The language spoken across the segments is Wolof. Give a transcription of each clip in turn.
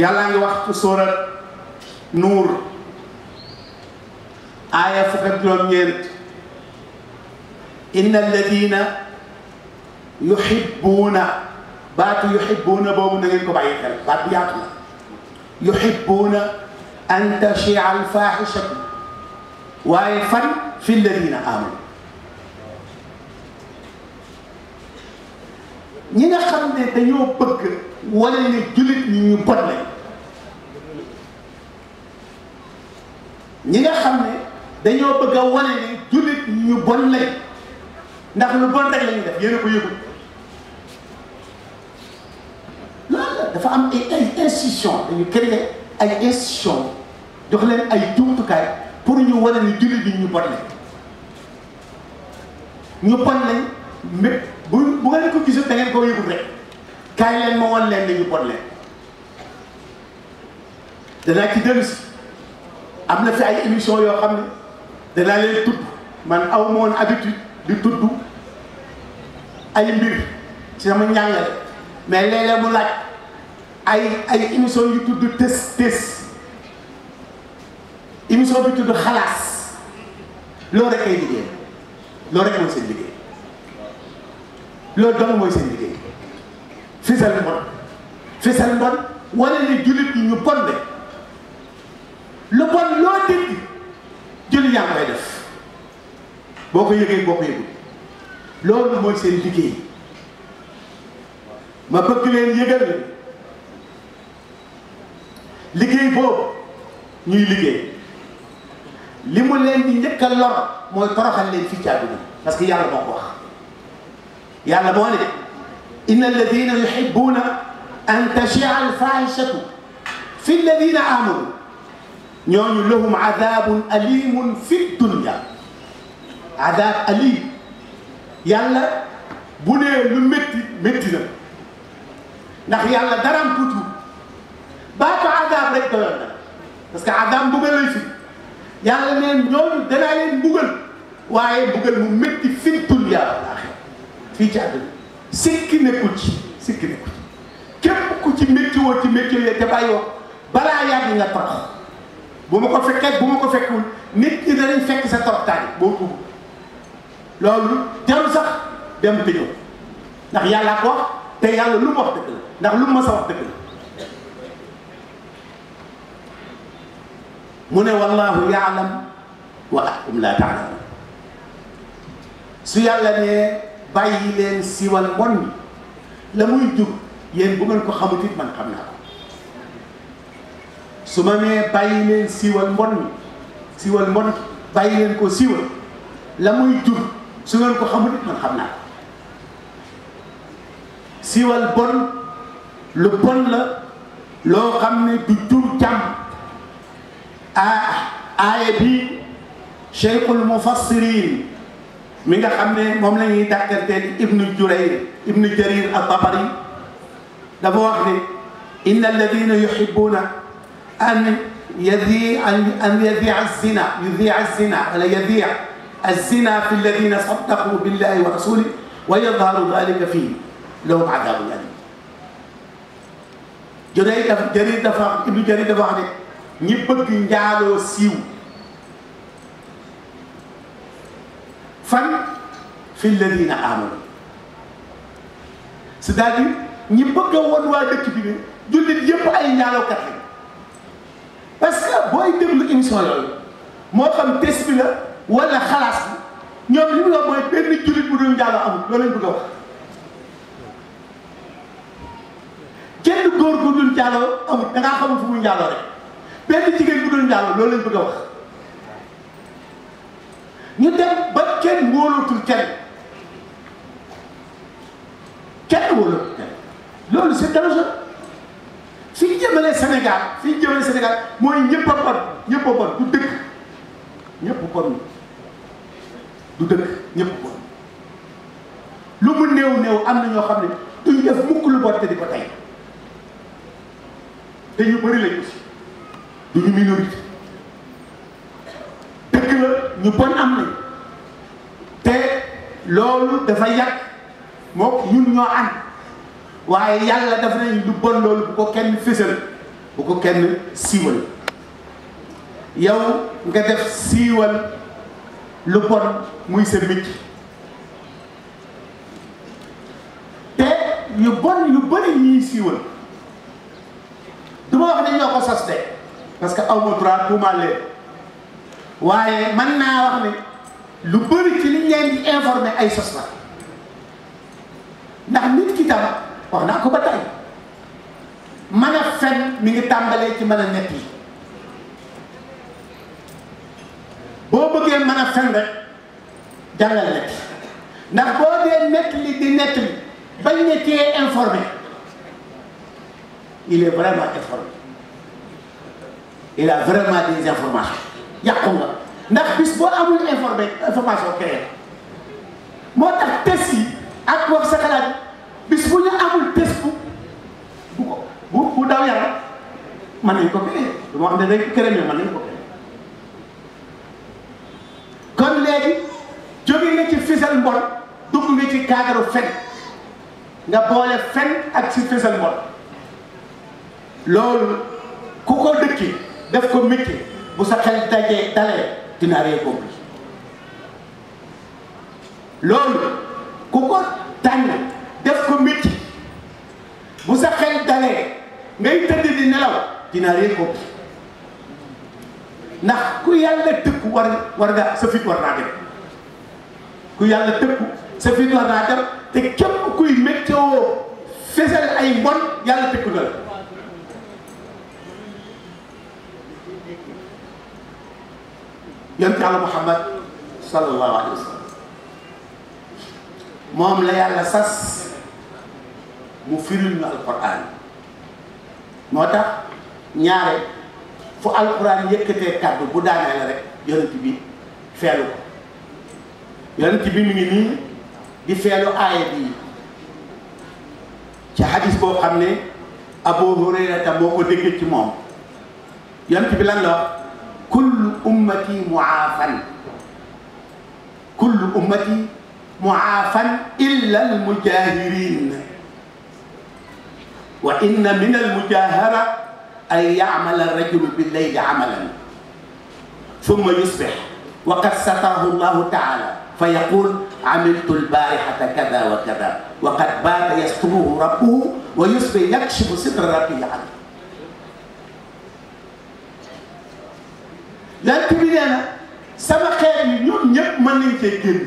yàllaa ngi wax ci sóorat nuur aaya fukk ak juróom-ñeent inna alladina yuhibbuuna baatu yuhibbuuna boobu na ngeen ko bàyyi xel baat bu yaatu la yuhibbuuna an tashia alfaaxishatu waaye fan fi alladina aamanu ñi nga xam ne dañoo bëgg wane ne jullit ñu bon lañ ñi nga xam ne dañoo bëgg a wane ne jullit ñi ñu bon lañ ndax lu bon rek la ñuy def yéen a ko yëgul loolu la dafa am ay ay institution dañu créer ay institution jox leen ay jumtukaay pour ñu wane ne jullit ñi ñu bon lañ ñu bon lañ mais bu bu ngeen ko gisee da ngeen koo yëgul rek. kaay leen ma wan leen nañu bon leen danaa ci dellu si am na fi ay émission yoo xam ne danaa leen tudd man aw ma woon di tudd ay mbir ci sama njàngale mais léeg mu laaj ay ay émission yu tudd tës tës émission bi tudd xalaas loolu rek liggéey loolu rek mooy seen liggéey loolu dong mooy seen liggéey fisal mbon fisal mbon wane ni jullit yi ñu bon ne lu bon loo dégg jullit yaa koy def boo ko yëgee boo ko yëgul loolu mooy seen liggéey ma bëgg leen yëgal ni liggéey boobu ñuy liggéey li mu leen di njëkk a lor mooy toroxal leen fii ci àdduna parce que yàlla moo ko wax yàlla moo ne إن الذين يحبون أن تشيع الفاحشة في الذين آمنوا ñooñu lahum adabun alimun fi dunya adab alim yàlla bu nee lu métti métti na ndax yàlla daraam tuuti baatu adab rek doyoon na parce que adab mbugal lay fi yàlla neen ñooñu danaa leen mbugal waaye mbugal mu métti fi dunya fii ci àdduna sikki nekkul ci sikki nekkul ci képp ku ci métti ci métti yooyu te bàyyoo balaa yàgg nga torox bu ma ko fekkee bu ma ko fekkul nit ñi danañ fekk sa toroxtaay boo tuub loolu jarul sax dem te ñëw ndax yàllaa ko wax te yàlla lu ma wax dëgg la ndax lu mu mës wax dëgg la mu ne wallahu yaalam wa antum laa taalamuun su yàlla nee bàyyi leen siwal mbon mi la muy jur yéen bu ngeen ko xamut it man xam naa ko su ma nee bàyyi leen siwal mbon mi siwal mbon bàyyi leen koo siwal la muy jur su ngeen ko xamut it man xam naa ko siwal bon lu bon la loo xam ne du jur jàmm a ah, aaya bi cheikhul mufassirin mi nga xam ne moom la ñuy dàkkanteel ibnu jurayr ibnu jarir at-tabari dafa wax ne inna alladina yuhibbuna an yadi an yadi zina yudi zina wala yadi الزنا في الذين صدقوا بالله ورسوله ويظهر ذلك فيه لهم عذاب أليم jërëjëf jërëjëf dafa ibnu jërëjëf dafa wax ne ñi bëgg njaaloo siiw fan fi lladina amanu c'est-à-dire ñi bëgg a won waa dëkk jullit yëpp ay ñaanookat lañ parce que booy déglu émission yooyu moo xam test bi la wala xalaas bi ñoom li mu la mooy benn jullit loolu lañ a wax kenn góor bu dul njaaloo amul da ngaa loolu lañ bëgg a wax ñu dem ba kenn wóolootul kenn kenn wóolootul kenn loolu c'est dangereux fi ñu jëmale Sénégal fi ñu Sénégal mooy ñëpp a bon ñëpp a du dëkk ñëpp bon lu mu néew néew am na ñoo xam ne duñ def mukk lu bon te di ko tey te ñu bëri lañu aussi duñu minorité ñu bon am nañ te loolu dafa yàq mook ñun ñoo ànd waaye yàlla daf nañ lu bon loolu bu ko kenn fésal bu ko kenn siiwal yow nga def siiwal lu bon muy sa micc te ñu bon yu bëri ñuy siiwal du ma wax ne ñoo ko sos de parce que aw ma droit waaye man naa wax ne lu bëri ci liñ leen di informé ay sos la ndax ki tam wax naa ko ba tey man a fen mi ngi tàmbalee ci mën a nekk yi boo bëggee mën a fen rek jàngal nekk ndax boo dee nekk li di nekk li bañ ne cee informé il est vraiment informé il yàqu nga ndax bis boo amul informé information créée moo tax test yi ak wax sa xalaat bis bu ñu amul test bu bu bu daw yaram mën nañ ko créé du ma xam ne rek créé mais mën nañ ko créé kon léegi jóge nga ci fisal mbon dugg nga ci kaagaru fen nga boole fen ak ci fisal mbon loolu ku ko dëkki def ko métier bu sa xel dajee dalee dina récompli loolu ku ko tànn def ko métti bu sa xel dalee ngay tëdd di nelaw dina récompli ndax ku yàlla tëkku war war nga sa fit war naa dem ku yàlla tëkku sa fit war naa dem te képp kuy météo fesal ay mbon yàlla tëkku na yonent yàlla Muhammad sallallahu alayhi moom la yàlla sas mu firil na alquran moo tax ñaare fu alquran yëkkatee kàddu bu daanee la rek yonent bi feelu ko yonent bi nii di feelu aaya bi ci hadis boo xam ne Abu Hurayrata moo ko déggee ci moom yonent bi lan la ummati muaafan kullu ummati muaafan illa almujaahirin wa inna min almujaahara an yacmala rajulu billayli camalan summa yusbix wa qad satarahu llahu taala فيقول عملت البارحة كذا وكذا وقد بات يستره ربه ويصبح يكشف ستر ربه عنه yant bi nee sama xeet yi ñoom ñëpp mën nañ cee génn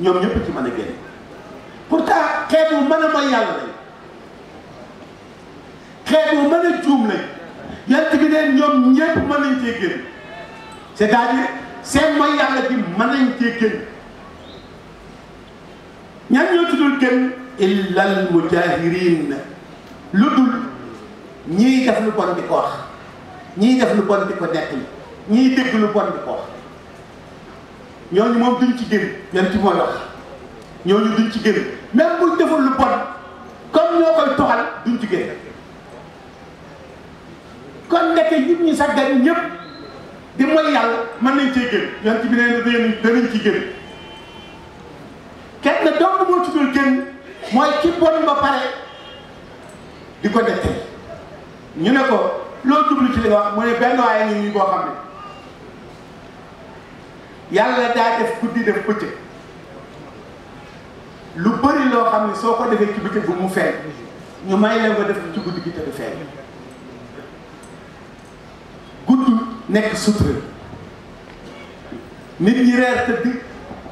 ñoom ñëpp ci mën a génn pourtant xeet wu mën a mooy yàlla de xeet wu mën a juum lañ yant bi nee ñoom ñëpp mën nañ cee génn c'est-à-dire seen mooy yàlla bi mën nañ cee génn ñan ñoo tuddul génn illal mujahirin lu dul ñiy def lu bon di ko ñii def lu bon di ko nettali ñii dégg lu bon di ko wax ñooñu moom duñ ci génn yan ci mooy wax ñooñu duñ ci génn même buñ deful lu bon comme ñoo koy toxal duñ ci génn kon nekk nit ñi sax dañ ñëpp di mooy yàlla mën nañ cee génn yan ci bi nee danañ ci génn kenn dong moo ci dul génn mooy ki bon ba pare di ko nettali ñu ne ko loo jublu ci li nga wax mu ne benn waaye ngi nii boo xam ne yàlla daa def guddi def bëccëg lu bëri loo xam ne soo ko defee ci bëccëg bu mu feeñ ñu may leen nga def ci guddi gi te du feeñ guddi nekk sutura nit ñi reer tëdd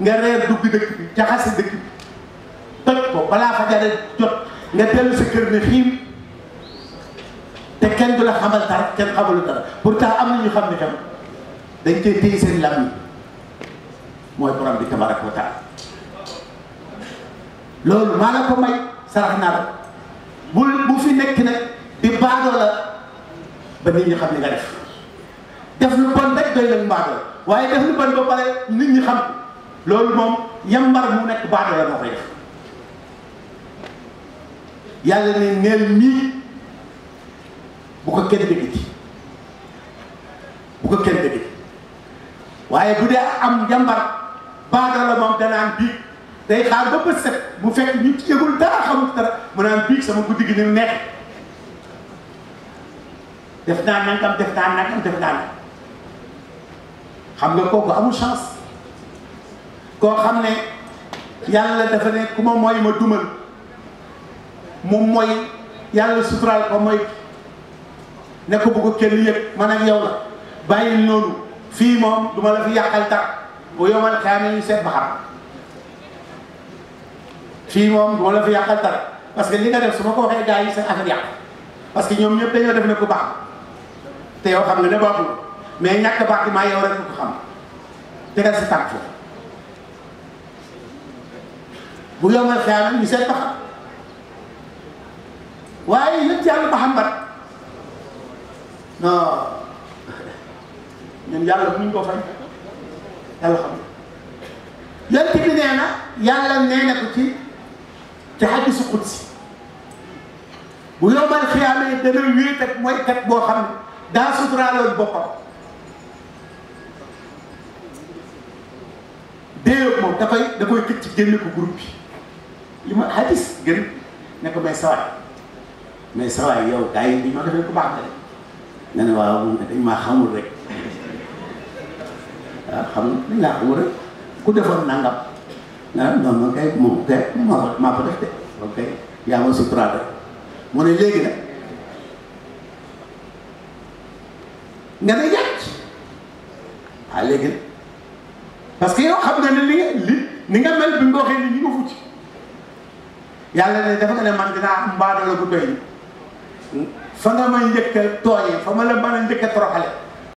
nga reer dugg dëkk bi jaxase dëkk bi toj ko balaa fajar jot nga dellu kër ne xiim te kenn du la xamal dara kenn xamalu dara pourtant am na ñu xam ne tam dañ koy téye seen lam yi mooy borom bi tabaraka wa taala loolu maa la ko may sarax naa la bu fi nekk nag di baadoo la ba nit ñi xam ne nga def def lu bon rek doy leen baadoo waaye def lu bon ba pare nit ñi xam loolu moom yambar mu nekk baadoo la moo koy def ne neel mii bu ko kenn déggati waaye bu dee am njàmbar baadoo la moom danaan biig day xaar ba bët set bu fekk ñu yëgul dara xamul mu naan biig sama guddi gi ni neex def naa nangam def naa nangam def xam nga kooku amul chance koo xam ne yàlla dafa ne ku ma mooy ma dumal mu mooy yàlla suturaal ko mooy ne ko bu ko kenn man ak yow bàyyil noonu fii moom du ma la fi yàqal dara bu yomal xeyaam ñu seet ba xam fii la parce que li parce que ñoom ñëpp dañoo def ne ku baax te yow xam mais ñàkk maa yow rek ko xam tegal si tànk foofu bu seet ba xam waaye yëpp yàlla ba xam bat non yàlla bu ñu ko fay yàlla xam na yonent bi nee na yàlla nee na ko ci ci hadiisu qudsi bu yombal xiyaamee dana wéet mooy kat boo xam ne daa suturaaloon boppam déew moom dafay da koy këcc ci génne ko groupe bi li ma hadiis gën ne ko may sawaay may sawaay yow gars yi li ma defee nga ne waaw moom dañ maa xamul rek waaw xam dañ laa xamul rek ku defoon nangam ah non kay moom kay maa maa ko def de ok yaa ma suturaat rek mu ne léegi nga ne yàcc ah léegi nag parce que xam nga ne li ni nga mel bi nga waxee ni ñu nga fucc yàlla ne dafa nga man dinaa am mbaadoo la bu fa nga may njëkk a tooñee fa ma la mën a njëkk a toroxale